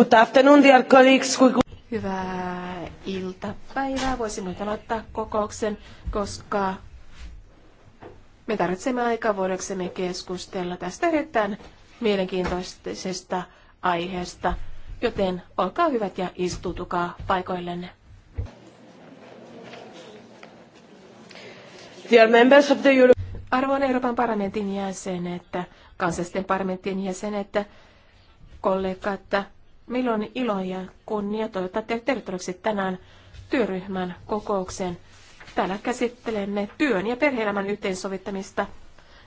Good afternoon, dear colleagues. Hyvää iltapäivää. Voisimme aloittaa kokouksen, koska me tarvitsemme aikaa voidaksemme keskustella tästä erittäin mielenkiintoisesta aiheesta. Joten olkaa hyvät ja istutukaa paikoillenne. Dear members of the Euro- Arvon Euroopan parlamentin jäsenet, kansallisten parlamenttien jäsenet, kollegat, Meillä on ilo ja kunnia toivottaa teidät tervetulleeksi tänään työryhmän kokoukseen. Täällä käsittelemme työn ja perheelämän yhteensovittamista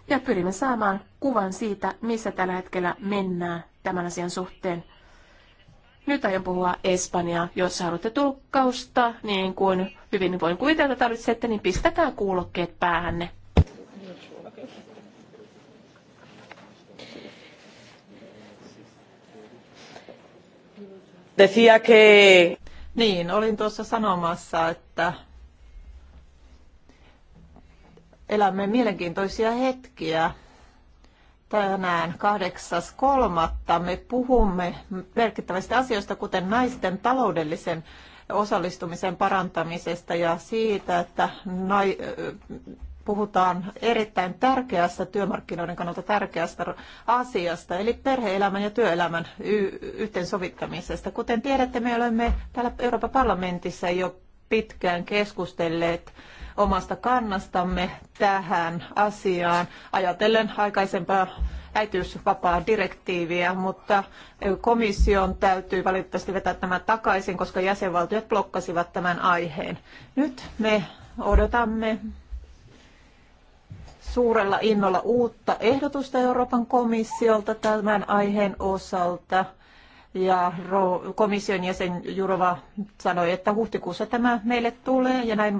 ja pyrimme saamaan kuvan siitä, missä tällä hetkellä mennään tämän asian suhteen. Nyt aion puhua Espanjaa. Jos haluatte tulkkausta, niin kuin hyvin voin kuvitella tarvitsette, niin pistäkää kuulokkeet päähänne. Decía que... Niin, olin tuossa sanomassa, että elämme mielenkiintoisia hetkiä. Tänään 8.3. me puhumme merkittävästi asioista, kuten naisten taloudellisen osallistumisen parantamisesta ja siitä, että nai- puhutaan erittäin tärkeästä työmarkkinoiden kannalta tärkeästä asiasta, eli perheelämän ja työelämän y- yhteensovittamisesta. Kuten tiedätte, me olemme täällä Euroopan parlamentissa jo pitkään keskustelleet omasta kannastamme tähän asiaan, ajatellen aikaisempaa äitiysvapaa direktiiviä, mutta komission täytyy valitettavasti vetää tämä takaisin, koska jäsenvaltiot blokkasivat tämän aiheen. Nyt me odotamme suurella innolla uutta ehdotusta Euroopan komissiolta tämän aiheen osalta. Ja komission jäsen Jurova sanoi, että huhtikuussa tämä meille tulee ja näin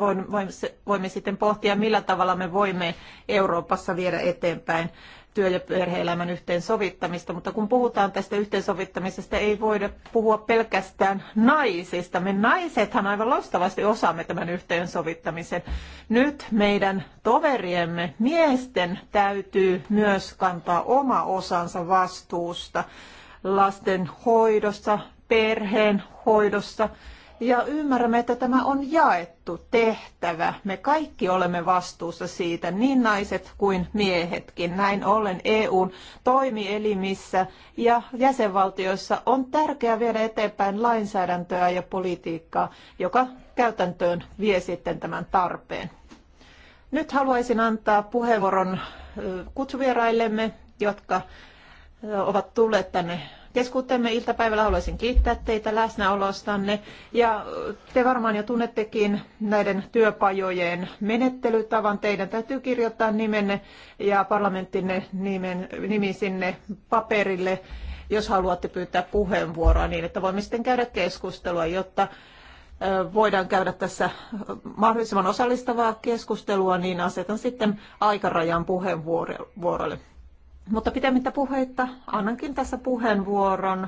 voimme sitten pohtia, millä tavalla me voimme Euroopassa viedä eteenpäin työ- ja perhe-elämän yhteensovittamista, mutta kun puhutaan tästä yhteensovittamisesta, ei voida puhua pelkästään naisista. Me naisethan aivan loistavasti osaamme tämän yhteensovittamisen. Nyt meidän toveriemme miesten täytyy myös kantaa oma osansa vastuusta lasten hoidossa, perheen hoidossa ja ymmärrämme, että tämä on jaettu tehtävä. Me kaikki olemme vastuussa siitä, niin naiset kuin miehetkin. Näin ollen EUn toimielimissä ja jäsenvaltioissa on tärkeää viedä eteenpäin lainsäädäntöä ja politiikkaa, joka käytäntöön vie sitten tämän tarpeen. Nyt haluaisin antaa puheenvuoron kutsuvieraillemme, jotka ovat tulleet tänne keskuutemme iltapäivällä. Haluaisin kiittää teitä läsnäolostanne ja te varmaan jo tunnettekin näiden työpajojen menettelytavan. Teidän täytyy kirjoittaa nimenne ja parlamenttinne nimen, nimi sinne paperille, jos haluatte pyytää puheenvuoroa niin, että voimme sitten käydä keskustelua, jotta voidaan käydä tässä mahdollisimman osallistavaa keskustelua, niin asetan sitten aikarajan puheenvuorolle. Mutta pitemmittä puheitta annankin tässä puheenvuoron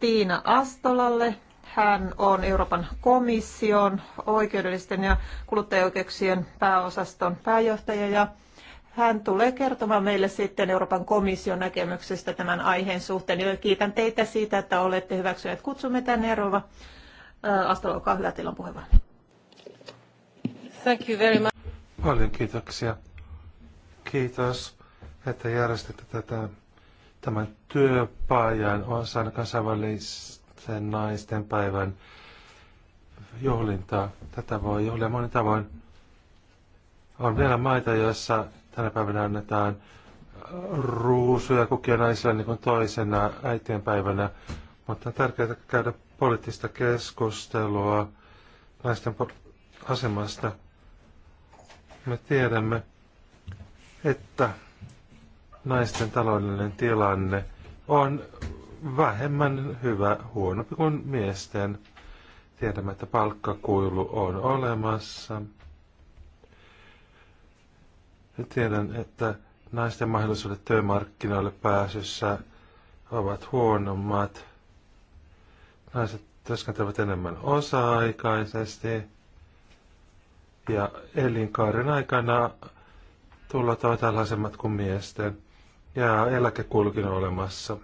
Tiina Astolalle. Hän on Euroopan komission oikeudellisten ja kuluttajaoikeuksien pääosaston pääjohtaja ja hän tulee kertomaan meille sitten Euroopan komission näkemyksestä tämän aiheen suhteen. Ja kiitän teitä siitä, että olette hyväksyneet kutsumme tänne Rova. Äh, Astola, olkaa hyvä, teillä on puheenvuoro. Thank you very much. Paljon kiitoksia. Kiitos että järjestitte tätä, tämän työpajan osan kansainvälisen naisten päivän juhlintaa. Tätä voi juhlia monin tavoin. On vielä maita, joissa tänä päivänä annetaan ruusuja kukia naisille niin toisena toisena äitienpäivänä, mutta on tärkeää käydä poliittista keskustelua naisten asemasta. Me tiedämme, että naisten taloudellinen tilanne on vähemmän hyvä, huonompi kuin miesten. Tiedämme, että palkkakuilu on olemassa. Ja tiedän, että naisten mahdollisuudet työmarkkinoille pääsyssä ovat huonommat. Naiset työskentelevät enemmän osa-aikaisesti ja elinkaaren aikana tulot ovat alhaisemmat kuin miesten ja eläkekulkin on olemassa.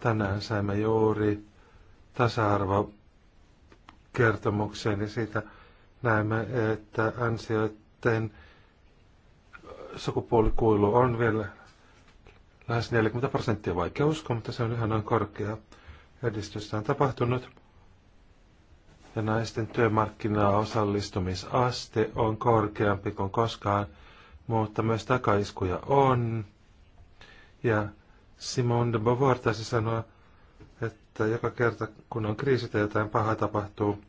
Tänään saimme juuri tasa-arvo kertomukseen ja siitä näemme, että ansioiden sukupuolikuilu on vielä lähes 40 prosenttia, vaikea uskoa, mutta se on ihan noin korkea. Edistystä on tapahtunut ja naisten työmarkkinaan osallistumisaste on korkeampi kuin koskaan – mutta myös takaiskuja on. Ja Simone de Beauvoir taisi sanoa, että joka kerta kun on kriisi tai jotain pahaa tapahtuu,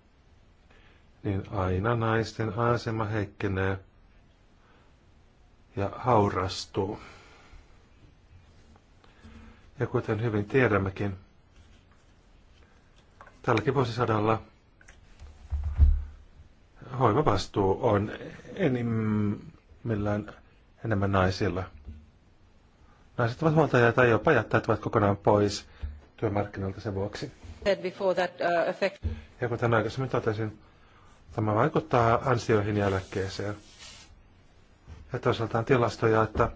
niin aina naisten asema heikkenee ja haurastuu. Ja kuten hyvin tiedämmekin, tälläkin vuosisadalla hoivavastuu on enim, millään enemmän naisilla. Naiset ovat huoltajia tai jopa jättäytyvät kokonaan pois työmarkkinoilta sen vuoksi. Uh, ja kuten aikaisemmin totesin, tämä vaikuttaa ansioihin ja eläkkeeseen. Ja toisaalta on tilastoja, että,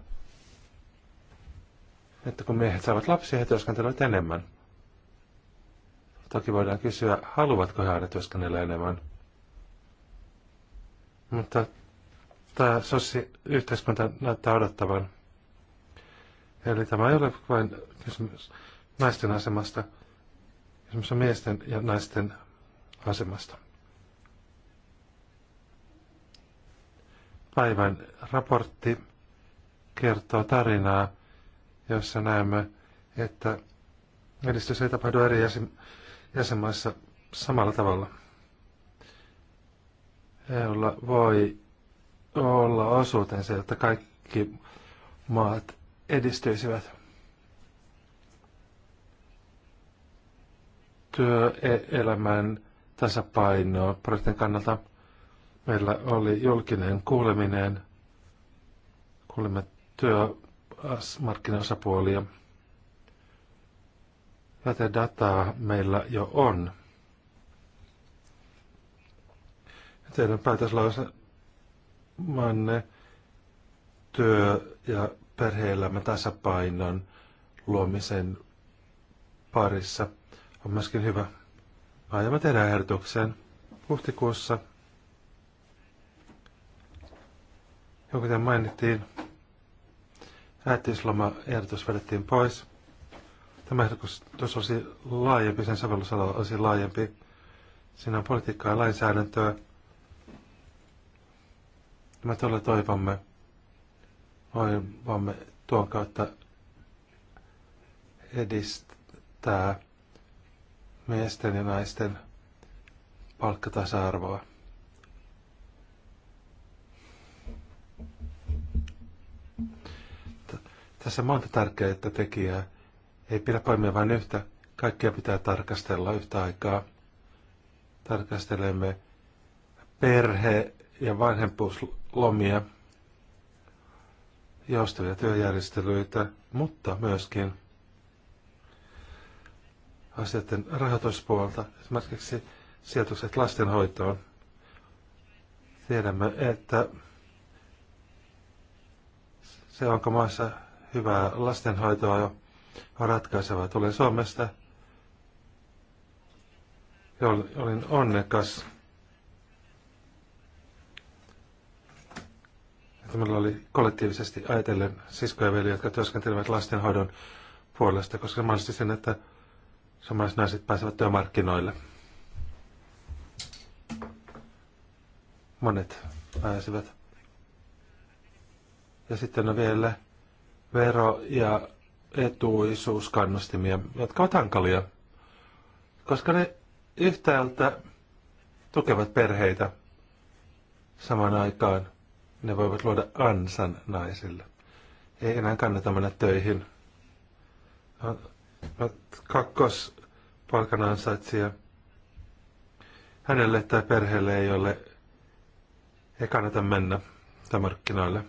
että kun miehet saavat lapsia, he työskentelevät enemmän. Toki voidaan kysyä, haluavatko he aina työskennellä enemmän. Mutta tämä sossi yhteiskunta näyttää odottavan. Eli tämä ei ole vain kysymys naisten asemasta, kysymys on miesten ja naisten asemasta. Päivän raportti kertoo tarinaa, jossa näemme, että edistys ei tapahdu eri jäsen, jäsenmaissa samalla tavalla. EUlla voi olla osuutensa, jotta kaikki maat edistyisivät. Työelämän tasapaino projektin kannalta meillä oli julkinen kuuleminen. Kuulimme työmarkkinaosapuolia. Tätä dataa meillä jo on. Teidän päätöslause manne työ- ja perheelämän tasapainon luomisen parissa on myöskin hyvä. Aiomme tehdä ehdotukseen huhtikuussa. Ja kuten mainittiin, äitiysloma-ehdotus vedettiin pois. Tämä ehdotus olisi laajempi, sen sovellusala olisi laajempi. Siinä on politiikkaa ja lainsäädäntöä me todella toivomme, voimme tuon kautta edistää miesten ja naisten palkkatasa-arvoa. Tässä on monta tärkeää tekijää. Ei pidä poimia vain yhtä. Kaikkia pitää tarkastella yhtä aikaa. Tarkastelemme perhe- ja vanhempuus lomia, joustavia työjärjestelyitä, mutta myöskin asioiden rahoituspuolta, esimerkiksi sijoitukset lastenhoitoon. Tiedämme, että se, onko maassa hyvää lastenhoitoa jo on ratkaisevaa. Tulen Suomesta olin onnekas minulla oli kollektiivisesti ajatellen sisko ja veli, jotka työskentelevät lastenhoidon puolesta, koska se mahdollisti sen, että samaiset naiset pääsevät työmarkkinoille. Monet pääsivät. Ja sitten on vielä vero- ja etuisuuskannustimia, jotka ovat hankalia, koska ne yhtäältä tukevat perheitä samaan aikaan – ne voivat luoda ansan naisille. Ei enää kannata mennä töihin. Kakkos palkan ansaitsija. Hänelle tai perheelle ei ole, ei kannata mennä markkinoille.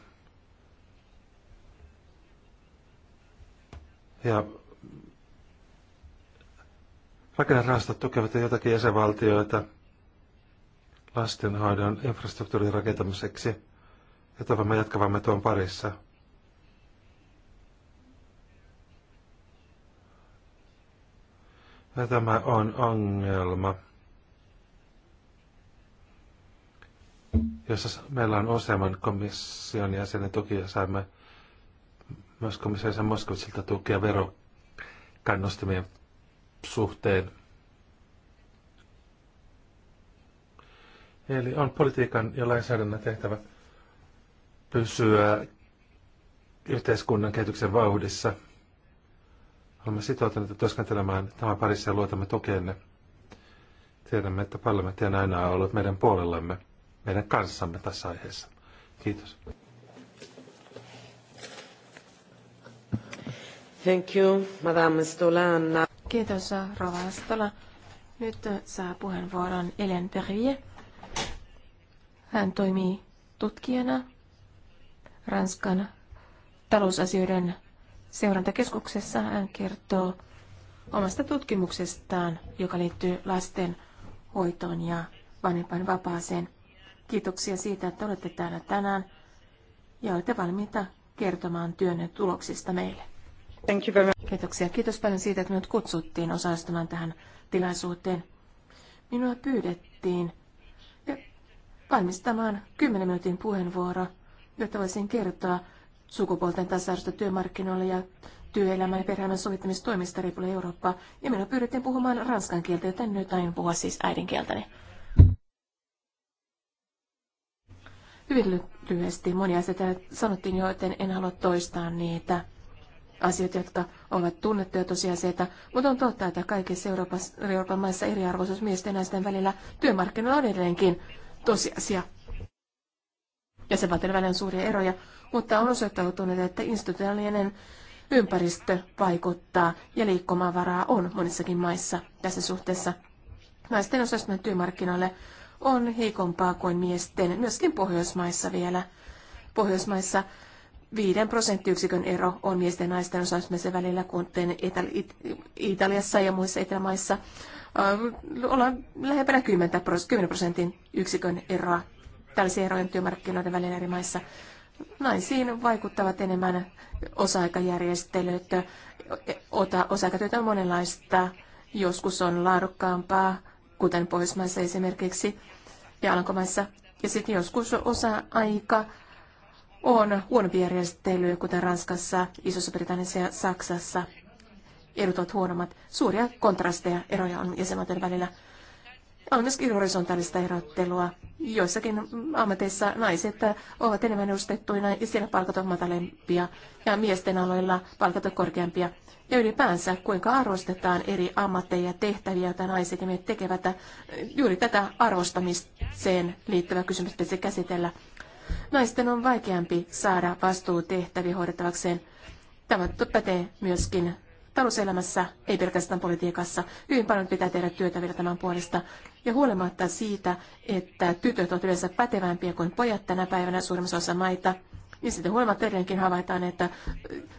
Ja rakennerahastot tukevat jotakin jäsenvaltioita lastenhoidon infrastruktuurin rakentamiseksi ja toivomme jatkavamme tuon parissa. Ja tämä on ongelma, jossa meillä on useamman komission jäsenen tuki ja saimme myös komissaari Moskovitsilta tukea verokannustimien suhteen. Eli on politiikan ja lainsäädännön tehtävä pysyä yhteiskunnan kehityksen vauhdissa. Olemme sitoutuneet työskentelemään tämän parissa ja luotamme tukeenne. Tiedämme, että parlamentti on aina ollut meidän puolellamme, meidän kanssamme tässä aiheessa. Kiitos. Thank you, Madame Stolana. Kiitos, Rova Stola. Nyt saa puheenvuoron Elen Pervier. Hän toimii tutkijana Ranskan talousasioiden seurantakeskuksessa. Hän kertoo omasta tutkimuksestaan, joka liittyy lasten hoitoon ja vanhempain vapaaseen. Kiitoksia siitä, että olette täällä tänään ja olette valmiita kertomaan työnne tuloksista meille. Thank you very much. Kiitoksia. Kiitos paljon siitä, että minut kutsuttiin osallistumaan tähän tilaisuuteen. Minua pyydettiin valmistamaan 10 minuutin puheenvuoro – jotta voisin kertoa sukupuolten tasa-arvosta työmarkkinoilla ja työelämän ja perheelämän sovittamistoimista riippuen Eurooppaa. Ja minua pyydettiin puhumaan ranskan kieltä, joten nyt aion puhua siis äidinkieltäni. Hyvin lyhyesti monia asioita sanottiin jo, joten en halua toistaa niitä asioita, jotka ovat tunnettuja tosiasioita, mutta on totta, että kaikissa Euroopan, Euroopan maissa eriarvoisuus miesten ja naisten välillä työmarkkinoilla on edelleenkin tosiasia jäsenvaltioiden välillä on suuria eroja, mutta on osoittautunut, että institutionaalinen ympäristö vaikuttaa ja liikkumavaraa on monissakin maissa tässä suhteessa. Naisten osallistuminen työmarkkinoille on heikompaa kuin miesten, myöskin Pohjoismaissa vielä. Pohjoismaissa 5 prosenttiyksikön ero on miesten ja naisten osallistumisen välillä, kuten Italiassa ja muissa etelämaissa ollaan lähempänä 10 prosentin yksikön eroa tällaisia erojen työmarkkinoiden välillä eri maissa. Naisiin vaikuttavat enemmän osa-aikajärjestelyt. Osa-aikatyötä on monenlaista. Joskus on laadukkaampaa, kuten Pohjoismaissa esimerkiksi ja Alankomaissa. Ja sitten joskus osa-aika on huonompi järjestely, kuten Ranskassa, Isossa-Britanniassa ja Saksassa. Edut ovat huonommat. Suuria kontrasteja, eroja on jäsenmaiden välillä. On myöskin horisontaalista erottelua. Joissakin ammateissa naiset ovat enemmän edustettuina ja siellä palkat ovat matalempia ja miesten aloilla palkat ovat korkeampia. Ja ylipäänsä, kuinka arvostetaan eri ammatteja ja tehtäviä, joita naiset ja miehet tekevät, juuri tätä arvostamiseen liittyvä kysymys pitäisi käsitellä. Naisten on vaikeampi saada vastuu hoidettavakseen. Tämä pätee myöskin talouselämässä, ei pelkästään politiikassa. Hyvin paljon pitää tehdä työtä vielä tämän puolesta. Ja huolimatta siitä, että tytöt ovat yleensä pätevämpiä kuin pojat tänä päivänä suurimmassa osassa maita, niin sitten huolimatta edelleenkin havaitaan, että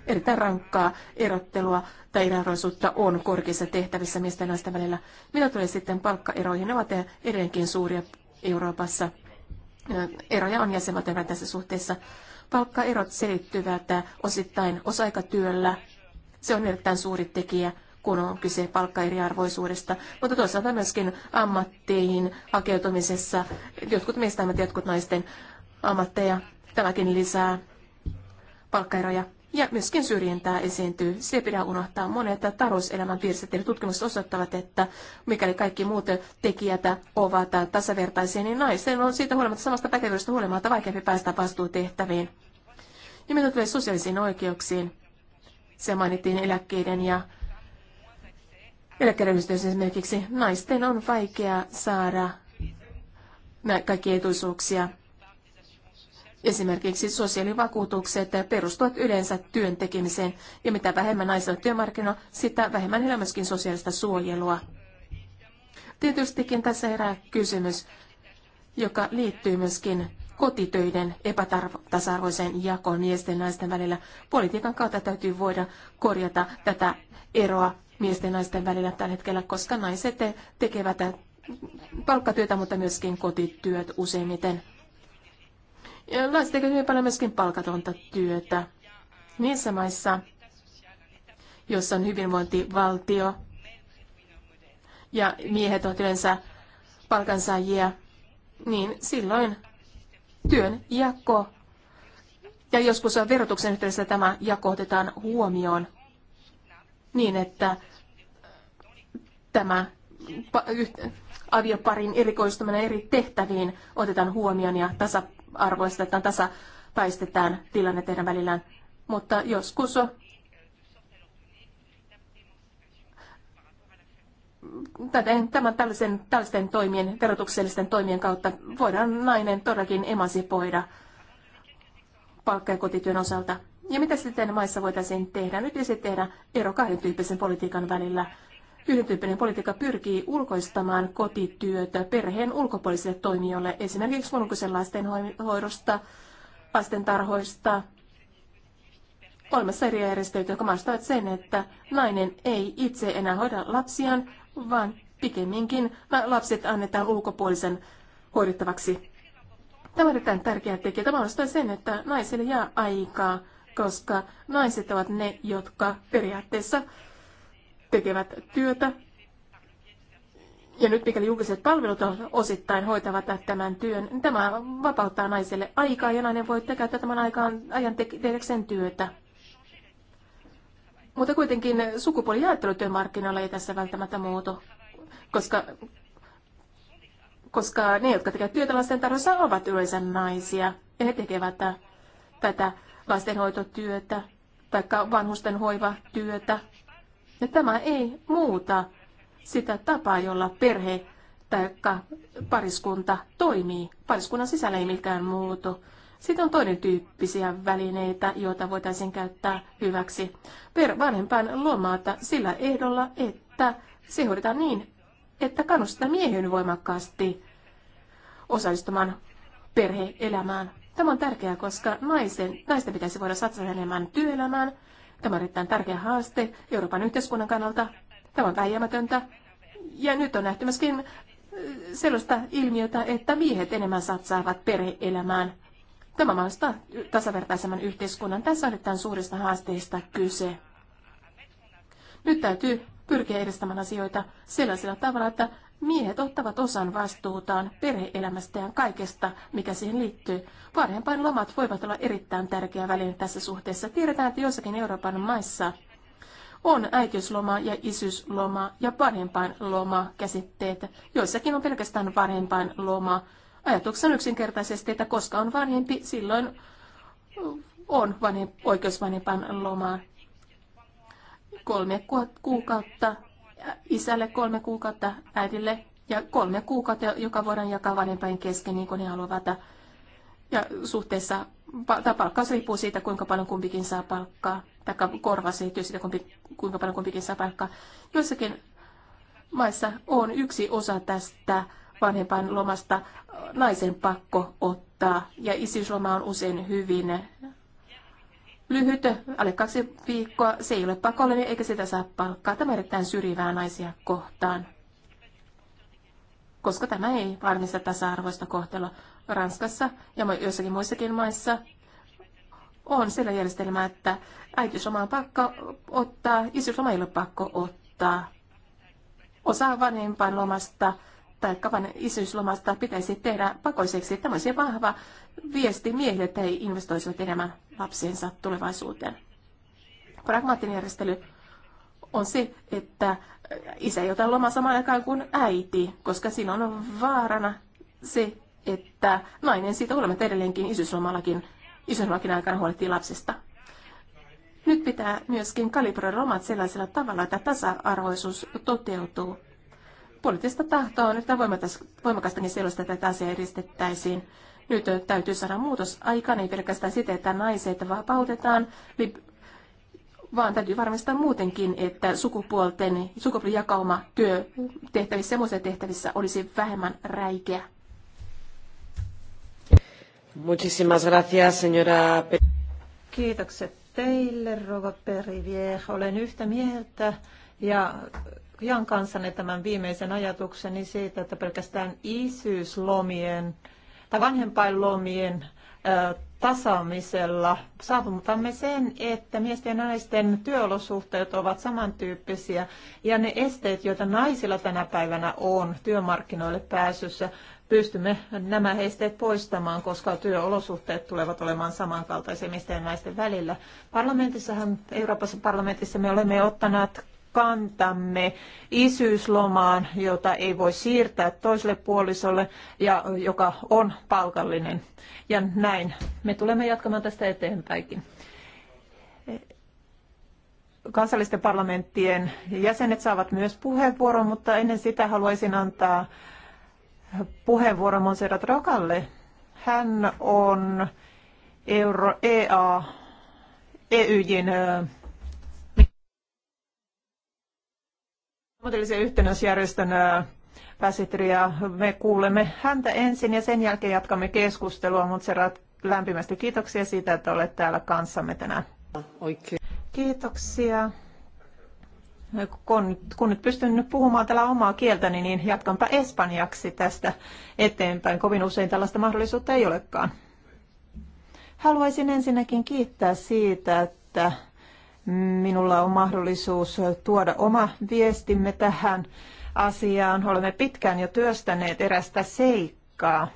erittäin rankkaa erottelua tai eroisuutta on korkeissa tehtävissä miesten ja naisten välillä. Mitä tulee sitten palkkaeroihin, ne ovat edelleenkin suuria Euroopassa. Eroja on jäsenvaltioiden tässä suhteessa. Palkkaerot selittyvät osittain osa-aikatyöllä se on erittäin suuri tekijä kun on kyse palkkaeriarvoisuudesta, mutta toisaalta myöskin ammatteihin hakeutumisessa, jotkut miesten ammat, jotkut naisten ammatteja, tämäkin lisää palkkaeroja. Ja myöskin syrjintää esiintyy. Se pitää unohtaa. Monet talouselämän piirissä. tutkimukset osoittavat, että mikäli kaikki muut tekijät ovat tasavertaisia, niin naisten on siitä huolimatta samasta pätevyydestä huolimatta vaikeampi päästä vastuutehtäviin. Ja mitä tulee sosiaalisiin oikeuksiin, se mainittiin eläkkeiden ja eläkkeiden esimerkiksi. Naisten on vaikea saada kaikki etuisuuksia. Esimerkiksi sosiaalivakuutukset perustuvat yleensä työn tekemiseen, ja mitä vähemmän naisilla työmarkkinoilla, sitä vähemmän heillä myöskin sosiaalista suojelua. Tietystikin tässä herää kysymys, joka liittyy myöskin kotitöiden epätasa-arvoiseen jakoon miesten ja naisten välillä. Politiikan kautta täytyy voida korjata tätä eroa miesten ja naisten välillä tällä hetkellä, koska naiset tekevät palkkatyötä, mutta myöskin kotityöt useimmiten. Ja naiset tekevät hyvin paljon myöskin palkatonta työtä. Niissä maissa, jossa on hyvinvointivaltio ja miehet ovat yleensä palkansaajia, niin silloin työn jako. Ja joskus verotuksen yhteydessä tämä jako otetaan huomioon niin, että tämä avioparin erikoistuminen eri tehtäviin otetaan huomioon ja tasa-arvoistetaan, tasapäistetään tilanne teidän välillään. Mutta joskus täten, tämän tällaisen, tällaisten toimien, verotuksellisten toimien kautta voidaan nainen todellakin emansipoida palkka- ja kotityön osalta. Ja mitä sitten maissa voitaisiin tehdä? Nyt ei tehdä ero kahden tyyppisen politiikan välillä. Yhden tyyppinen politiikka pyrkii ulkoistamaan kotityötä perheen ulkopuolisille toimijoille, esimerkiksi ulkoisen lastenhoidosta, lastentarhoista, Kolmas eri järjestöitä, jotka sen, että nainen ei itse enää hoida lapsiaan, vaan pikemminkin lapset annetaan ulkopuolisen hoidettavaksi. Tämä on erittäin tärkeä tekijä. Tämä maastaa sen, että naisille jää aikaa, koska naiset ovat ne, jotka periaatteessa tekevät työtä. Ja nyt mikäli julkiset palvelut osittain hoitavat tämän työn, niin tämä vapauttaa naiselle aikaa ja nainen voi käyttää tämän aikaan, ajan tehdäkseen työtä. Mutta kuitenkin sukupuolijaottelu työmarkkinoilla ei tässä välttämättä muutu, koska, koska ne, jotka tekevät työtä lasten ovat yleensä naisia. Ja he tekevät tätä lastenhoitotyötä tai vanhusten hoivatyötä. Ja tämä ei muuta sitä tapaa, jolla perhe tai pariskunta toimii. Pariskunnan sisällä ei mikään muutu. Sitten on toinen tyyppisiä välineitä, joita voitaisiin käyttää hyväksi. Per vanhempain lomaata sillä ehdolla, että se hoidetaan niin, että kannustaa miehen voimakkaasti osallistumaan perheelämään. Tämä on tärkeää, koska naisen, naisten pitäisi voida satsata enemmän työelämään. Tämä on erittäin tärkeä haaste Euroopan yhteiskunnan kannalta. Tämä on väijämätöntä. Ja nyt on nähty myöskin äh, sellaista ilmiötä, että miehet enemmän satsaavat perheelämään. Tämä mahdollistaa tasavertaisemman yhteiskunnan. Tässä on tämän suurista haasteista kyse. Nyt täytyy pyrkiä edistämään asioita sellaisella tavalla, että miehet ottavat osan vastuutaan perheelämästä ja kaikesta, mikä siihen liittyy. Parempaan lomat voivat olla erittäin tärkeä väline tässä suhteessa. Tiedetään, että joissakin Euroopan maissa on äitiysloma ja isyysloma ja loma käsitteet. Joissakin on pelkästään loma. Ajatuksena yksinkertaisesti, että koska on vanhempi, silloin on vanhem, oikeus vanhempaan lomaan. Kolme kuukautta isälle, kolme kuukautta äidille ja kolme kuukautta, joka voidaan jakaa vanhempain kesken, niin kuin ne haluavat. Ja suhteessa, tämä palkkaus riippuu siitä, kuinka paljon kumpikin saa palkkaa, tai korvaus riippuu siitä, kuinka paljon kumpikin saa palkkaa. Joissakin maissa on yksi osa tästä vanhempain lomasta naisen pakko ottaa. Ja isyysloma on usein hyvin lyhyt, alle kaksi viikkoa. Se ei ole pakollinen eikä sitä saa palkkaa. Tämä erittäin syrjivää naisia kohtaan, koska tämä ei varmista tasa-arvoista kohtelua. Ranskassa ja joissakin muissakin maissa on sillä järjestelmä, että äitiysloma on pakko ottaa, isyysloma ei ole pakko ottaa. Osa vanhempainlomasta lomasta tai kavan isyyslomasta pitäisi tehdä pakoiseksi. Tämä olisi vahva viesti miehille, että he investoisivat enemmän lapsiensa tulevaisuuteen. Pragmaattinen järjestely on se, että isä ei ota lomaa samaan aikaan kuin äiti, koska siinä on vaarana se, että nainen siitä huolimatta edelleenkin isyyslomallakin, isyyslomallakin aikana huolehtii lapsesta. Nyt pitää myöskin kalibroida lomat sellaisella tavalla, että tasa-arvoisuus toteutuu poliittista tahtoa on voimakasta niin sellaista, että tätä asiaa edistettäisiin. Nyt täytyy saada muutos aikaan, niin ei pelkästään sitä, että naiset vapautetaan, niin vaan täytyy varmistaa muutenkin, että sukupuolten, sukupuolijakauma työtehtävissä ja muissa tehtävissä olisi vähemmän räikeä. Muchísimas gracias, señora. Kiitokset teille, Rova Perivier. Olen yhtä mieltä ja jaan kanssanne tämän viimeisen ajatukseni siitä, että pelkästään isyyslomien tai vanhempainlomien tasaamisella saavutamme sen, että miesten ja naisten työolosuhteet ovat samantyyppisiä ja ne esteet, joita naisilla tänä päivänä on työmarkkinoille pääsyssä, pystymme nämä esteet poistamaan, koska työolosuhteet tulevat olemaan samankaltaisia miesten ja naisten välillä. Parlamentissahan, Euroopassa parlamentissa me olemme ottaneet kantamme isyyslomaan, jota ei voi siirtää toiselle puolisolle ja joka on palkallinen. Ja näin. Me tulemme jatkamaan tästä eteenpäinkin. Kansallisten parlamenttien jäsenet saavat myös puheenvuoron, mutta ennen sitä haluaisin antaa puheenvuoron Monserrat Rokalle. Hän on Euro EA, EYJin ammatillisen yhtenäisjärjestön pääsihteeriä. Me kuulemme häntä ensin ja sen jälkeen jatkamme keskustelua, mutta se lämpimästi kiitoksia siitä, että olet täällä kanssamme tänään. Oikein. Kiitoksia. Kun, kun nyt pystyn nyt puhumaan tällä omaa kieltäni, niin jatkanpa espanjaksi tästä eteenpäin. Kovin usein tällaista mahdollisuutta ei olekaan. Haluaisin ensinnäkin kiittää siitä, että Minulla on mahdollisuus tuoda oma viestimme tähän asiaan. Olemme pitkään jo työstäneet erästä seikkaa.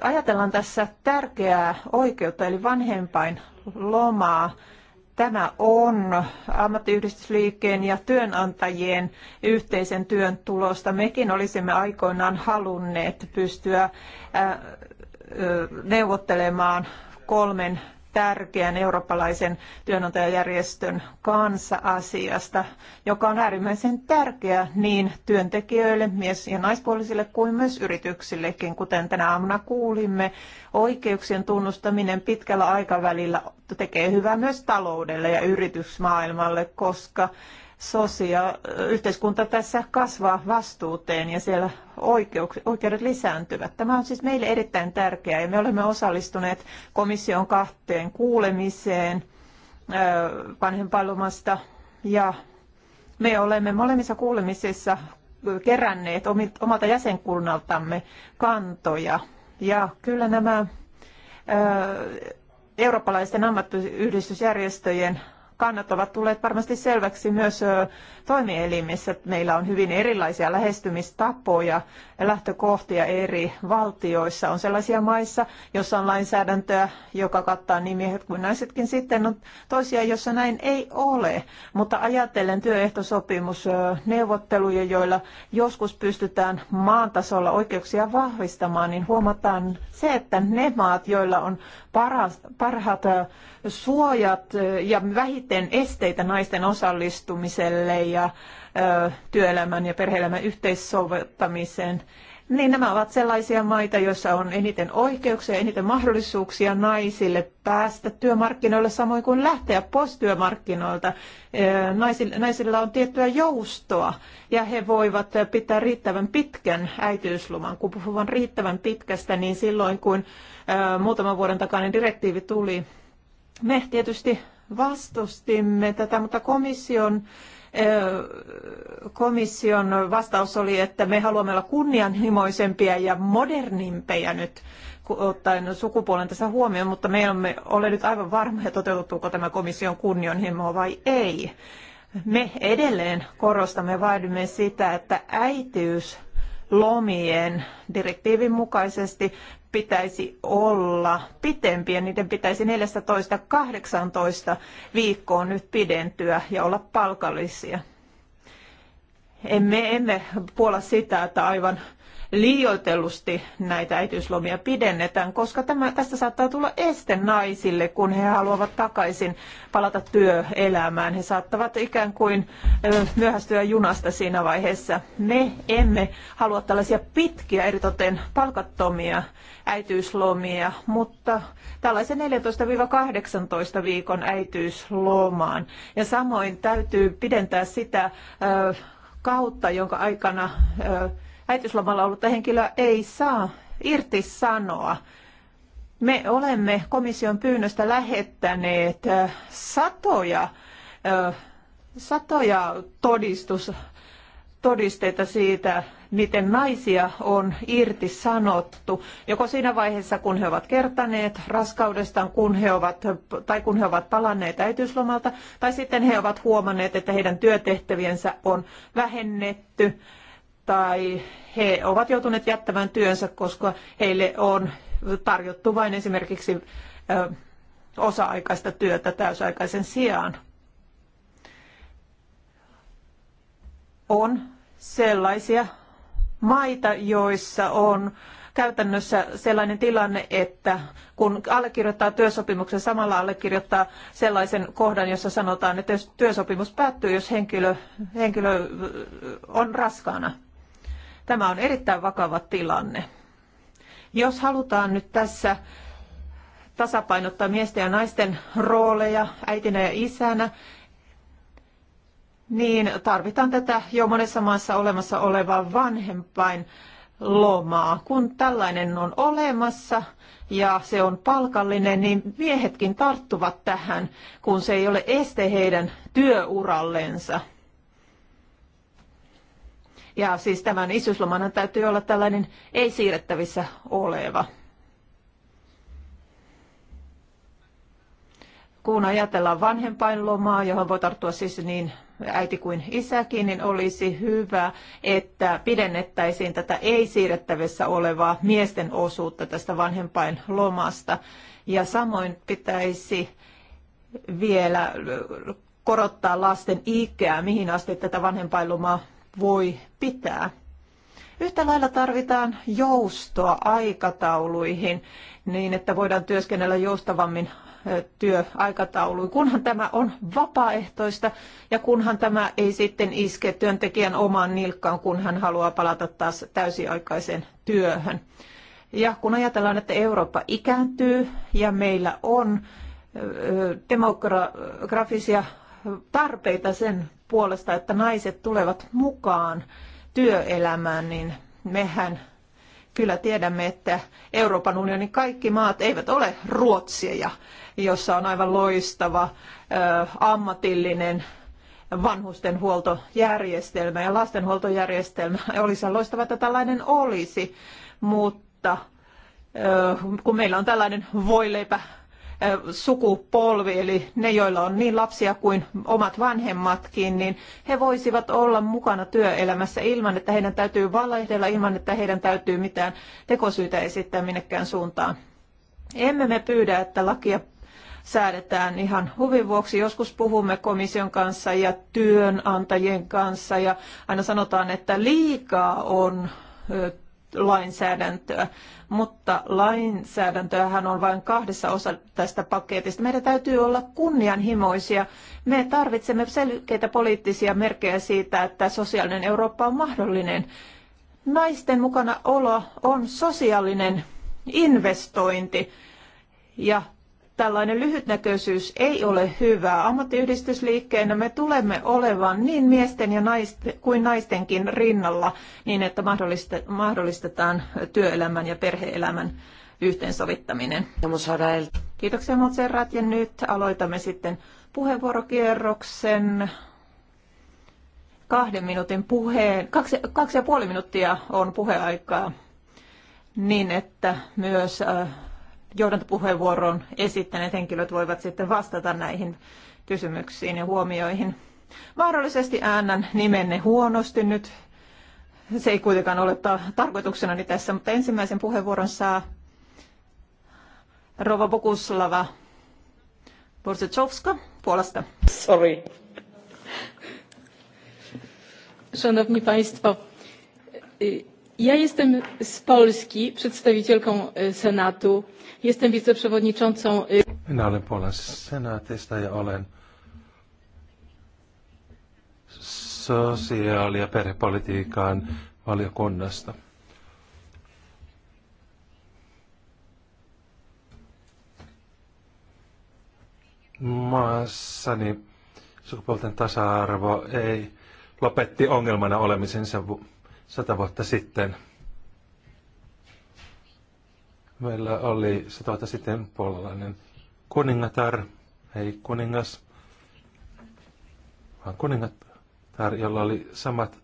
Ajatellaan tässä tärkeää oikeutta, eli vanhempain lomaa. Tämä on ammattiyhdistysliikkeen ja työnantajien yhteisen työn tulosta. Mekin olisimme aikoinaan halunneet pystyä neuvottelemaan kolmen tärkeän eurooppalaisen työnantajajärjestön kanssa asiasta, joka on äärimmäisen tärkeä niin työntekijöille, mies- ja naispuolisille kuin myös yrityksillekin. Kuten tänä aamuna kuulimme, oikeuksien tunnustaminen pitkällä aikavälillä tekee hyvää myös taloudelle ja yritysmaailmalle, koska sosia, yhteiskunta tässä kasvaa vastuuteen ja siellä oikeudet lisääntyvät. Tämä on siis meille erittäin tärkeää ja me olemme osallistuneet komission kahteen kuulemiseen vanhempailumasta ja me olemme molemmissa kuulemisissa keränneet omalta jäsenkunnaltamme kantoja. Ja kyllä nämä eurooppalaisten ammattiyhdistysjärjestöjen kannat ovat tulleet varmasti selväksi myös toimielimissä. Meillä on hyvin erilaisia lähestymistapoja ja lähtökohtia eri valtioissa. On sellaisia maissa, joissa on lainsäädäntöä, joka kattaa niin miehet kuin naisetkin. Sitten on toisia, joissa näin ei ole. Mutta ajatellen työehtosopimusneuvotteluja, joilla joskus pystytään maan tasolla oikeuksia vahvistamaan, niin huomataan se, että ne maat, joilla on paras, parhaat suojat ja vähiten sitten esteitä naisten osallistumiselle ja ö, työelämän ja perheelämän yhteissovittamiseen, niin nämä ovat sellaisia maita, joissa on eniten oikeuksia, eniten mahdollisuuksia naisille päästä työmarkkinoille samoin kuin lähteä pois työmarkkinoilta. Naisilla on tiettyä joustoa ja he voivat pitää riittävän pitkän äitiysluman. Kun puhuvan riittävän pitkästä, niin silloin kun muutaman vuoden takainen direktiivi tuli, me tietysti vastustimme tätä, mutta komission komission vastaus oli, että me haluamme olla kunnianhimoisempia ja modernimpejä nyt ottaen sukupuolen tässä huomioon, mutta me emme ole nyt aivan varmoja, toteutuuko tämä komission kunnianhimo vai ei. Me edelleen korostamme, vaadimme sitä, että äitiys lomien direktiivin mukaisesti pitäisi olla pitempiä, niiden pitäisi 14-18 viikkoon nyt pidentyä ja olla palkallisia. Emme, emme puola sitä, että aivan liioitellusti näitä äitiyslomia pidennetään, koska tämä, tästä saattaa tulla este naisille, kun he haluavat takaisin palata työelämään. He saattavat ikään kuin myöhästyä junasta siinä vaiheessa. Me emme halua tällaisia pitkiä, eritoten palkattomia äitiyslomia, mutta tällaisen 14-18 viikon äitiyslomaan. Ja samoin täytyy pidentää sitä kautta, jonka aikana äitiyslomalla ollutta henkilöä ei saa irti sanoa. Me olemme komission pyynnöstä lähettäneet satoja, satoja todistus, todisteita siitä, miten naisia on irti sanottu, joko siinä vaiheessa, kun he ovat kertaneet raskaudestaan, kun he ovat, tai kun he ovat palanneet äitiyslomalta, tai sitten he ovat huomanneet, että heidän työtehtäviensä on vähennetty tai he ovat joutuneet jättämään työnsä, koska heille on tarjottu vain esimerkiksi osa-aikaista työtä täysaikaisen sijaan. On sellaisia maita, joissa on käytännössä sellainen tilanne, että kun allekirjoittaa työsopimuksen, samalla allekirjoittaa sellaisen kohdan, jossa sanotaan, että työsopimus päättyy, jos henkilö, henkilö on raskaana. Tämä on erittäin vakava tilanne. Jos halutaan nyt tässä tasapainottaa miesten ja naisten rooleja äitinä ja isänä, niin tarvitaan tätä jo monessa maassa olemassa olevaa vanhempain lomaa. Kun tällainen on olemassa ja se on palkallinen, niin miehetkin tarttuvat tähän, kun se ei ole este heidän työurallensa. Ja siis tämän isyyslomanhan täytyy olla tällainen ei siirrettävissä oleva. Kun ajatellaan vanhempainlomaa, johon voi tarttua siis niin äiti kuin isäkin, niin olisi hyvä, että pidennettäisiin tätä ei siirrettävissä olevaa miesten osuutta tästä vanhempainlomasta. Ja samoin pitäisi vielä korottaa lasten ikää, mihin asti tätä vanhempainlomaa voi pitää. Yhtä lailla tarvitaan joustoa aikatauluihin niin, että voidaan työskennellä joustavammin työaikatauluun, kunhan tämä on vapaaehtoista ja kunhan tämä ei sitten iske työntekijän omaan nilkkaan, kun hän haluaa palata taas täysiaikaiseen työhön. Ja kun ajatellaan, että Eurooppa ikääntyy ja meillä on demografisia tarpeita sen puolesta, että naiset tulevat mukaan työelämään, niin mehän kyllä tiedämme, että Euroopan unionin kaikki maat eivät ole Ruotsia, jossa on aivan loistava ammatillinen vanhustenhuoltojärjestelmä ja lastenhuoltojärjestelmä. Olisi loistava, että tällainen olisi, mutta kun meillä on tällainen voileipä sukupolvi, eli ne, joilla on niin lapsia kuin omat vanhemmatkin, niin he voisivat olla mukana työelämässä ilman, että heidän täytyy valehdella, ilman, että heidän täytyy mitään tekosyitä esittää minnekään suuntaan. Emme me pyydä, että lakia säädetään ihan huvin vuoksi. Joskus puhumme komission kanssa ja työnantajien kanssa ja aina sanotaan, että liikaa on lainsäädäntöä, mutta lainsäädäntöähän on vain kahdessa osa tästä paketista. Meidän täytyy olla kunnianhimoisia. Me tarvitsemme selkeitä poliittisia merkkejä siitä, että sosiaalinen Eurooppa on mahdollinen. Naisten mukana olo on sosiaalinen investointi ja Tällainen lyhytnäköisyys ei ole hyvää. Ammattiyhdistysliikkeenä me tulemme olevan niin miesten ja naisten, kuin naistenkin rinnalla niin, että mahdollistetaan työelämän ja perheelämän yhteensovittaminen. Kiitoksia Motserrat ja nyt aloitamme sitten puheenvuorokierroksen kahden minuutin puheen, kaksi, kaksi ja puoli minuuttia on puheaikaa, niin että myös äh, johdantopuheenvuoron esittäneet henkilöt voivat sitten vastata näihin kysymyksiin ja huomioihin. Mahdollisesti äänän nimenne huonosti nyt. Se ei kuitenkaan ole ta- tässä, mutta ensimmäisen puheenvuoron saa Rova Bokuslava Borzeczowska Puolasta. Sorry. Szanowni Państwo, ja jestem z Polski, przedstawicielką e, Senatu. Jestem wiceprzewodniczącą... E, Minä olen Puolan senaatista ja olen sosiaali- ja perhepolitiikan valiokunnasta. Maassani sukupuolten tasa-arvo ei lopetti ongelmana olemisensa sata vuotta sitten. Meillä oli sata vuotta sitten puolalainen kuningatar, ei kuningas, vaan kuningatar, jolla oli samat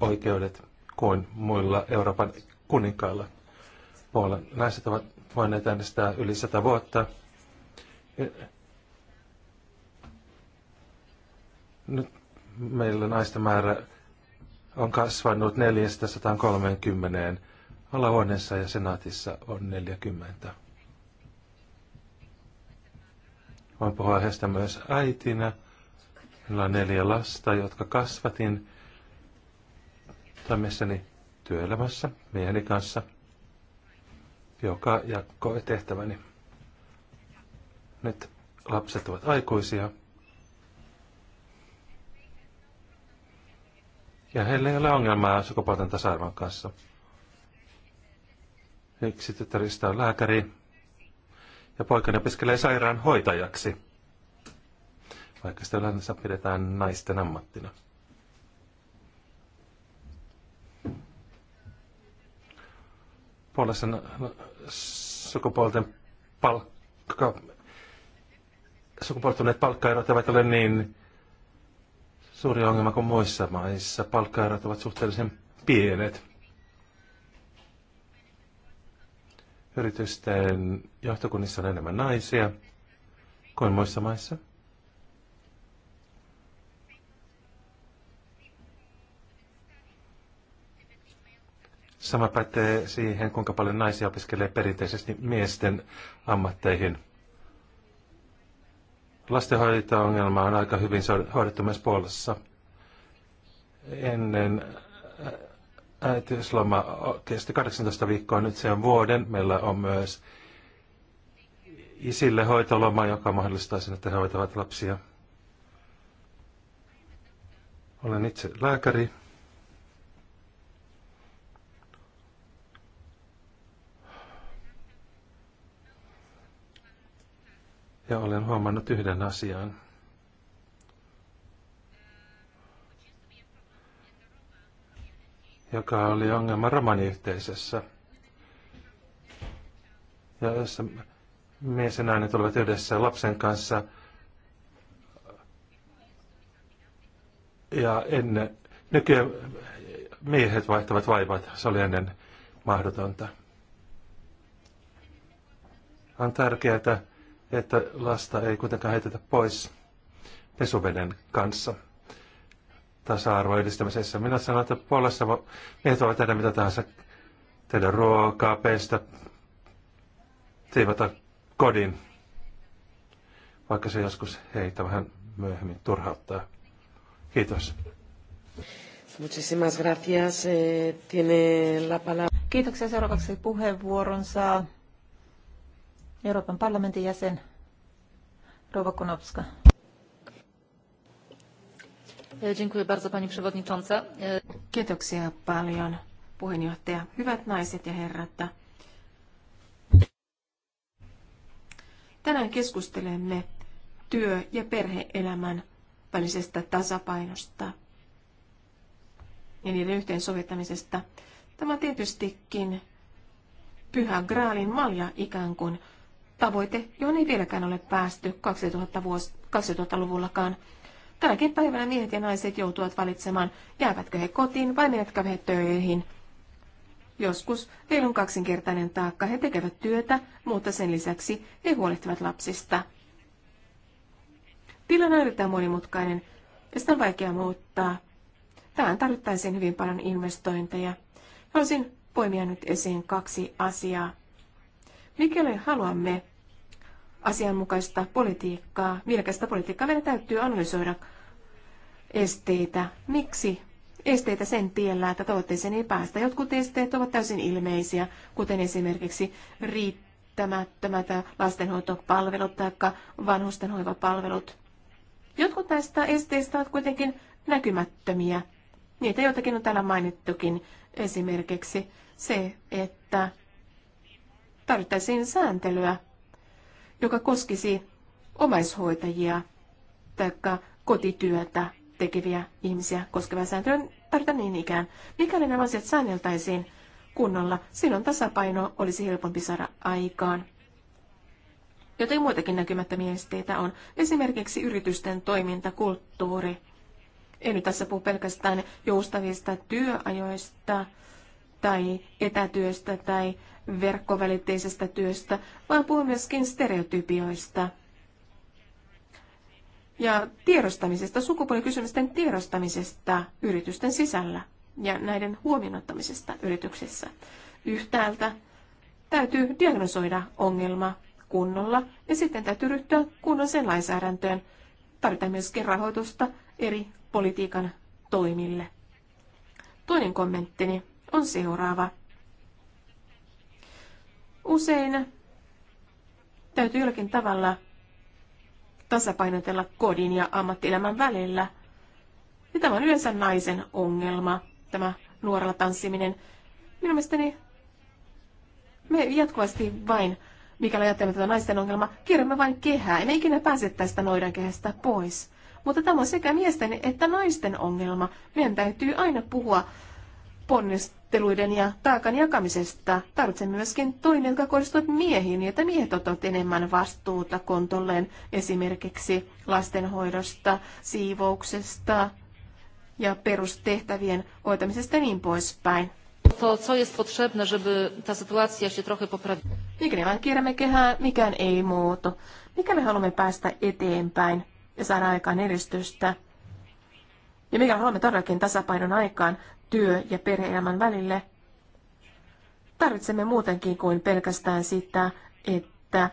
oikeudet kuin muilla Euroopan kuninkailla. Puolan naiset ovat voineet äänestää yli sata vuotta. Nyt meillä naisten määrä on kasvanut 430. Alahuoneessa ja senaatissa on 40. Voin puhua heistä myös äitinä. Meillä on neljä lasta, jotka kasvatin toimessani työelämässä mieheni kanssa, joka jakoi tehtäväni. Nyt lapset ovat aikuisia Ja heillä ei ole ongelmaa sukupuolten tasa-arvon kanssa. Yksi tyttäristä on lääkäri ja poikani opiskelee sairaanhoitajaksi, vaikka sitä yleensä pidetään naisten ammattina. Puolessa sukupuolten palkka, sukupuolten palkkaerot eivät ole niin suuri ongelma kuin muissa maissa. Palkkaerot ovat suhteellisen pienet. Yritysten johtokunnissa on enemmän naisia kuin muissa maissa. Sama pätee siihen, kuinka paljon naisia opiskelee perinteisesti miesten ammatteihin. Lastenhoitajaongelma on aika hyvin hoidettu myös Puolassa. Ennen äitiysloma kesti 18 viikkoa, nyt se on vuoden. Meillä on myös isille hoitoloma, joka mahdollistaa sen, että he hoitavat lapsia. Olen itse lääkäri. ja olen huomannut yhden asian. joka oli ongelma romaniyhteisössä. Ja jossa mies ja nainen tulevat yhdessä lapsen kanssa ja ennen, nykyään miehet vaihtavat vaivat, se oli ennen mahdotonta. On tärkeää, että lasta ei kuitenkaan heitetä pois pesuveden kanssa tasa arvo edistämisessä. Minä sanon, että puolessa miehet voivat tehdä mitä tahansa, tehdä ruokaa, pestä, siivota kodin, vaikka se joskus heitä vähän myöhemmin turhauttaa. Kiitos. Muchísimas gracias. Eh, tiene la palabra. Kiitoksia. Seuraavaksi puheenvuoron saa Euroopan parlamentin jäsen Rova Konopska. E, e, Kiitoksia paljon puheenjohtaja. Hyvät naiset ja herrat. Tänään keskustelemme työ- ja perheelämän välisestä tasapainosta ja niiden yhteensovittamisesta. Tämä on tietystikin pyhä graalin malja ikään kuin tavoite, johon ei vieläkään ole päästy 2000-luvullakaan. Tänäkin päivänä miehet ja naiset joutuvat valitsemaan, jäävätkö he kotiin vai menetkö he töihin. Joskus reilun kaksinkertainen taakka he tekevät työtä, mutta sen lisäksi he huolehtivat lapsista. Tilanne on erittäin monimutkainen ja sitä on vaikea muuttaa. Tähän tarvittaisiin hyvin paljon investointeja. Haluaisin poimia nyt esiin kaksi asiaa. Mikäli haluamme asianmukaista politiikkaa, mielekästä politiikkaa, meidän täytyy analysoida esteitä. Miksi esteitä sen tiellä, että tavoitteeseen ei päästä. Jotkut esteet ovat täysin ilmeisiä, kuten esimerkiksi riittämättömät lastenhoitopalvelut tai vanhustenhoivapalvelut. Jotkut näistä esteistä ovat kuitenkin näkymättömiä. Niitä joitakin on täällä mainittukin. Esimerkiksi se, että tarvittaisiin sääntelyä, joka koskisi omaishoitajia tai kotityötä tekeviä ihmisiä koskevaa sääntelyä tarvitaan niin ikään. Mikäli nämä asiat säänneltäisiin kunnolla, silloin tasapaino olisi helpompi saada aikaan. Joten muitakin näkymättömiä esteitä on esimerkiksi yritysten toimintakulttuuri. En nyt tässä puhu pelkästään joustavista työajoista tai etätyöstä tai verkkovälitteisestä työstä, vaan puhun myöskin stereotypioista ja tiedostamisesta, sukupuolikysymysten tiedostamisesta yritysten sisällä ja näiden huomioonottamisesta yrityksessä Yhtäältä täytyy diagnosoida ongelma kunnolla ja sitten täytyy ryhtyä sen lainsäädäntöön. Tarvitaan myöskin rahoitusta eri politiikan toimille. Toinen kommenttini on seuraava. Usein täytyy jollakin tavalla tasapainotella kodin ja ammattielämän välillä. Ja tämä on yleensä naisen ongelma, tämä nuorella tanssiminen. Minun mielestäni me jatkuvasti vain, mikäli ajattelemme tätä naisten ongelmaa, kierrämme vain kehää. En ikinä pääse tästä kehästä pois. Mutta tämä on sekä miesten että naisten ongelma. Meidän täytyy aina puhua ponnist- neuvotteluiden ja taakan jakamisesta. Tarvitsemme myöskin toinen, joka kohdistuu miehiin, niin että miehet ottavat enemmän vastuuta kontolleen esimerkiksi lastenhoidosta, siivouksesta ja perustehtävien hoitamisesta ja niin poispäin. To, co jest potrzebne, żeby ta sytuacja się trochę poprawiła. Mikäli vain kierrämme kehää, mikään ei muutu. Mikäli haluamme päästä eteenpäin ja saada aikaan edistystä, ja mikäli haluamme todellakin tasapainon aikaan, työ- ja perheelämän välille. Tarvitsemme muutenkin kuin pelkästään sitä, että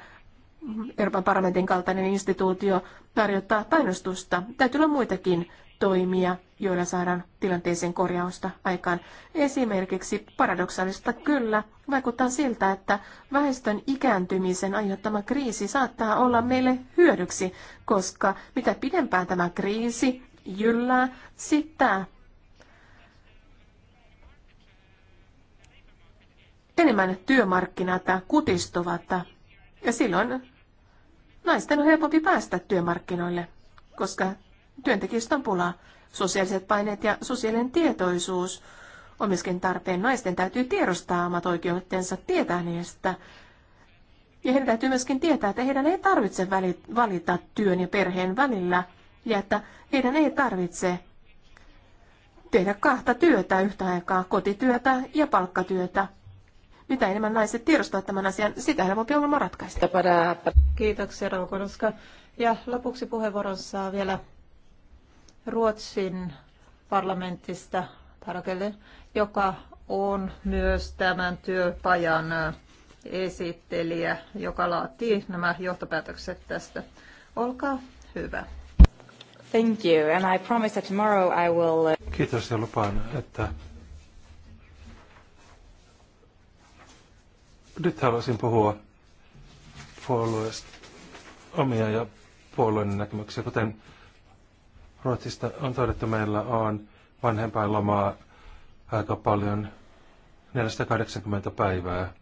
Euroopan parlamentin kaltainen instituutio tarjottaa painostusta. Täytyy olla muitakin toimia, joilla saadaan tilanteeseen korjausta aikaan. Esimerkiksi paradoksaalista kyllä vaikuttaa siltä, että väestön ikääntymisen aiheuttama kriisi saattaa olla meille hyödyksi, koska mitä pidempään tämä kriisi jyllää, sitä enemmän työmarkkinata kutistuvat ja silloin naisten on helpompi päästä työmarkkinoille, koska työntekijöistä on pulaa. Sosiaaliset paineet ja sosiaalinen tietoisuus on myöskin tarpeen. Naisten täytyy tiedostaa omat oikeutensa, tietää niistä. Ja heidän täytyy myöskin tietää, että heidän ei tarvitse valita työn ja perheen välillä ja että heidän ei tarvitse tehdä kahta työtä yhtä aikaa, kotityötä ja palkkatyötä. Mitä enemmän naiset tiedostavat tämän asian, sitä helpompi ongelma ratkaista. Kiitoksia Raukonoska. Ja lopuksi puheenvuoron saa vielä Ruotsin parlamentista Parakelle, joka on myös tämän työpajan esittelijä, joka laatii nämä johtopäätökset tästä. Olkaa hyvä. Thank you, and I promise that tomorrow I will... Uh, Kiitos ja lupaan, että nyt haluaisin puhua puolueesta omia ja puolueen näkemyksiä. Kuten Ruotsista on todettu, meillä on vanhempainlomaa aika paljon, 480 päivää,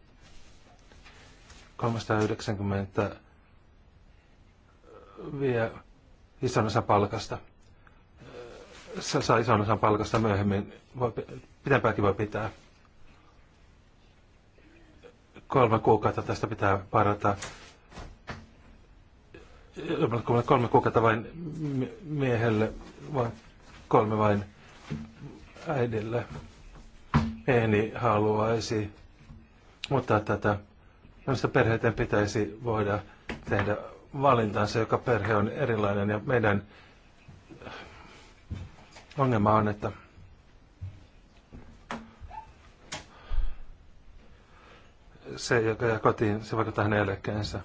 390 vie ison osan palkasta. Se saa ison osan palkasta myöhemmin, voi, pitempääkin voi pitää kolme kuukautta tästä pitää parata. Kolme kuukautta vain miehelle, vaan kolme vain äidille. Eeni haluaisi, mutta tätä Noista perheiden pitäisi voida tehdä valintansa, joka perhe on erilainen ja meidän ongelma on, että se, joka jää kotiin, se vaikuttaa hänen eläkkeensä.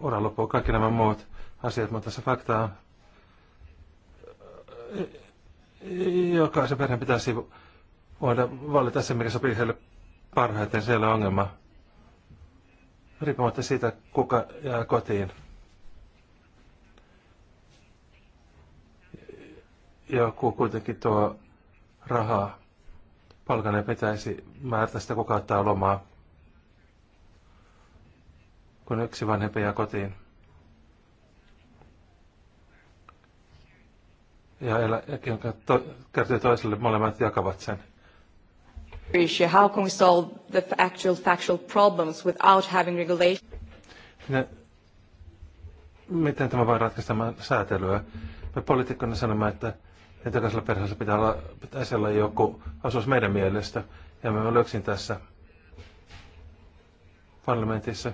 Ura loppuu kaikki nämä muut asiat, mutta se fakta on, jokaisen perheen pitäisi voida valita se, mikä sopii heille parhaiten. Siellä on ongelma. Riippumatta siitä, kuka jää kotiin. Joku kuitenkin tuo rahaa palkan pitäisi määrätä sitä, kuka ottaa lomaa kun yksi vanhempi jää kotiin. Ja elä, jonka to, kertoo toiselle, molemmat jakavat sen. How can we solve the actual factual problems without having regulation? Ne, miten tämä voi ratkaista säätelyä? Me poliitikkoina sanomme, että että jokaisella perheellä pitää olla, pitäisi olla joku asuus meidän mielestä. Ja me olemme yksin tässä parlamentissa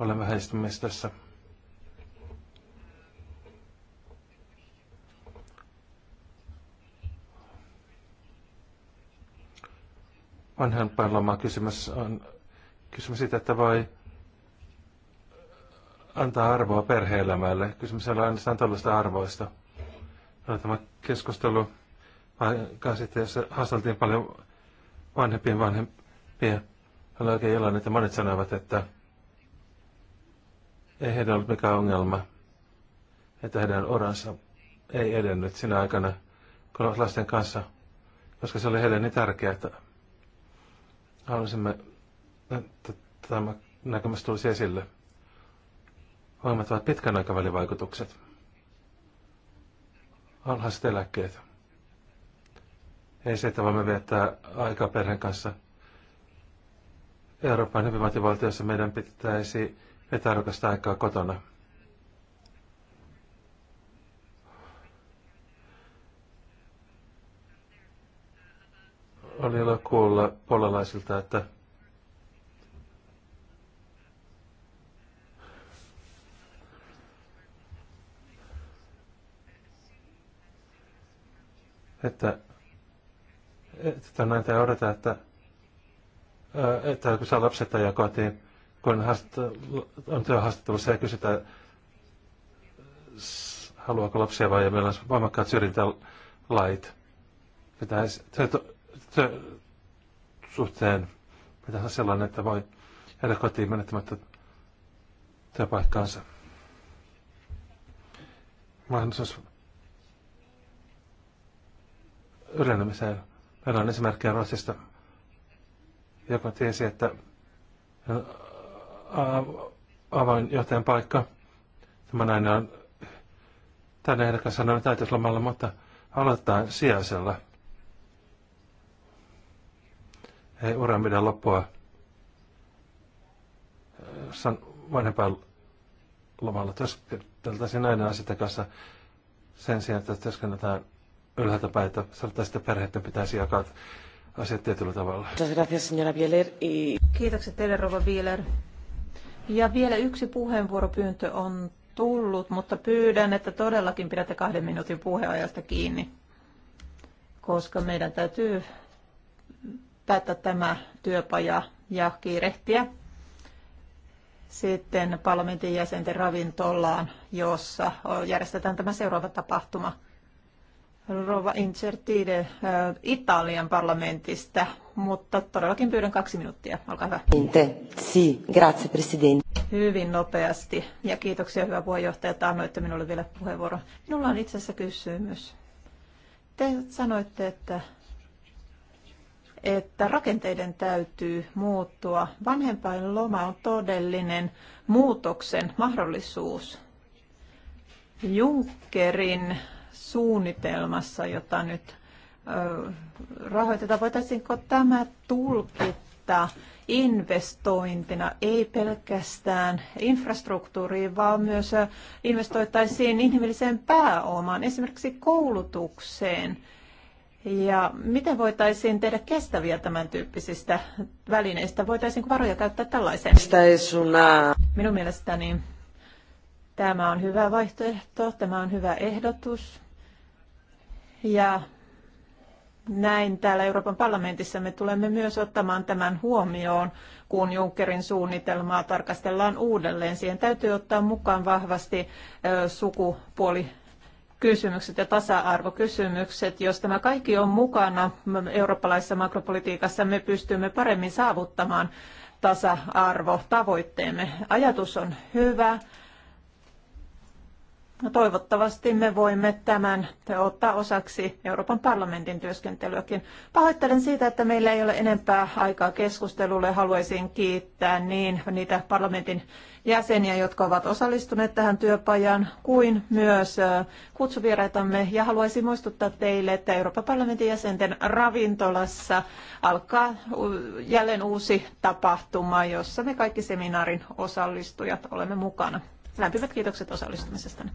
olemme heistämisessä. Vanhempainlomaa kysymys on kysymys siitä, että voi antaa arvoa perhe-elämälle. Kysymys on ainoastaan tällaista arvoista. Tämä keskustelu sitten, jossa haasteltiin paljon vanhempien vanhempia. Olen oikein iloinen, että monet sanoivat, että ei heidän ollut mikään ongelma, että heidän oransa ei edennyt sinä aikana, kun olivat lasten kanssa, koska se oli heille niin tärkeää, että halusimme, että tämä näkemys tulisi esille. Huomattavat pitkän aikavälin vaikutukset. Alhaiset eläkkeet. Ei se, että voimme viettää aikaa perheen kanssa. Euroopan hyvinvointivaltiossa meidän pitäisi viettää arvokasta aikaa kotona. Oli ilo kuulla polalaisilta, että että, että näitä odota, että, että kun saa lapset ajaa kotiin, kun on työhaastattelussa ja kysytään, haluaako lapsia vai ja meillä on voimakkaat syrjintälait. Pitäisi, työ, työ, suhteen pitäisi olla sellainen, että voi jäädä kotiin menettämättä työpaikkaansa. Mahdollisuus ylennemiseen. Meillä on esimerkkejä Ruotsista, joka tiesi, että avainjohtajan paikka. Tämä nainen on tänne ehdokas sanonut äitiyslomalla, mutta aloittaa sijaisella. Ei ura mitään loppua san, vanhempain lomalla työskenteltäisiin aina asioiden kanssa sen sijaan, että työskennetään ylhäältä päin, että sanotaan, sitten perheiden pitäisi jakaa asiat tietyllä tavalla. Kiitokset teille, Rova Bieler. Ja vielä yksi puheenvuoropyyntö on tullut, mutta pyydän, että todellakin pidätte kahden minuutin puheajasta kiinni, koska meidän täytyy päättää tämä työpaja ja kiirehtiä sitten parlamentin jäsenten ravintolaan, jossa järjestetään tämä seuraava tapahtuma. Rova Incertide äh, Italian parlamentista, mutta todellakin pyydän kaksi minuuttia. Olkaa hyvä. Si, grazie presidente. Hyvin nopeasti ja kiitoksia hyvä puheenjohtaja, että annoitte minulle vielä puheenvuoron. Minulla on itse asiassa kysymys. Te sanoitte, että että rakenteiden täytyy muuttua. Vanhempain loma on todellinen muutoksen mahdollisuus. Junckerin suunnitelmassa, jota nyt rahoitetaan. Voitaisinko tämä tulkita investointina, ei pelkästään infrastruktuuriin, vaan myös investoitaisiin inhimilliseen pääomaan, esimerkiksi koulutukseen. Ja miten voitaisiin tehdä kestäviä tämän tyyppisistä välineistä? Voitaisiinko varoja käyttää tällaiseen? Minun mielestäni tämä on hyvä vaihtoehto, tämä on hyvä ehdotus. Ja näin täällä Euroopan parlamentissa me tulemme myös ottamaan tämän huomioon, kun Junckerin suunnitelmaa tarkastellaan uudelleen. Siihen täytyy ottaa mukaan vahvasti sukupuoli kysymykset ja tasa-arvokysymykset. Jos tämä kaikki on mukana eurooppalaisessa makropolitiikassa, me pystymme paremmin saavuttamaan tasa-arvotavoitteemme. Ajatus on hyvä No, toivottavasti me voimme tämän ottaa osaksi Euroopan parlamentin työskentelyäkin. Pahoittelen siitä, että meillä ei ole enempää aikaa keskustelulle. Haluaisin kiittää niin niitä parlamentin jäseniä, jotka ovat osallistuneet tähän työpajaan, kuin myös kutsuvieraitamme. Ja haluaisin muistuttaa teille, että Euroopan parlamentin jäsenten ravintolassa alkaa jälleen uusi tapahtuma, jossa me kaikki seminaarin osallistujat olemme mukana. Lämpimät kiitokset osallistumisestanne.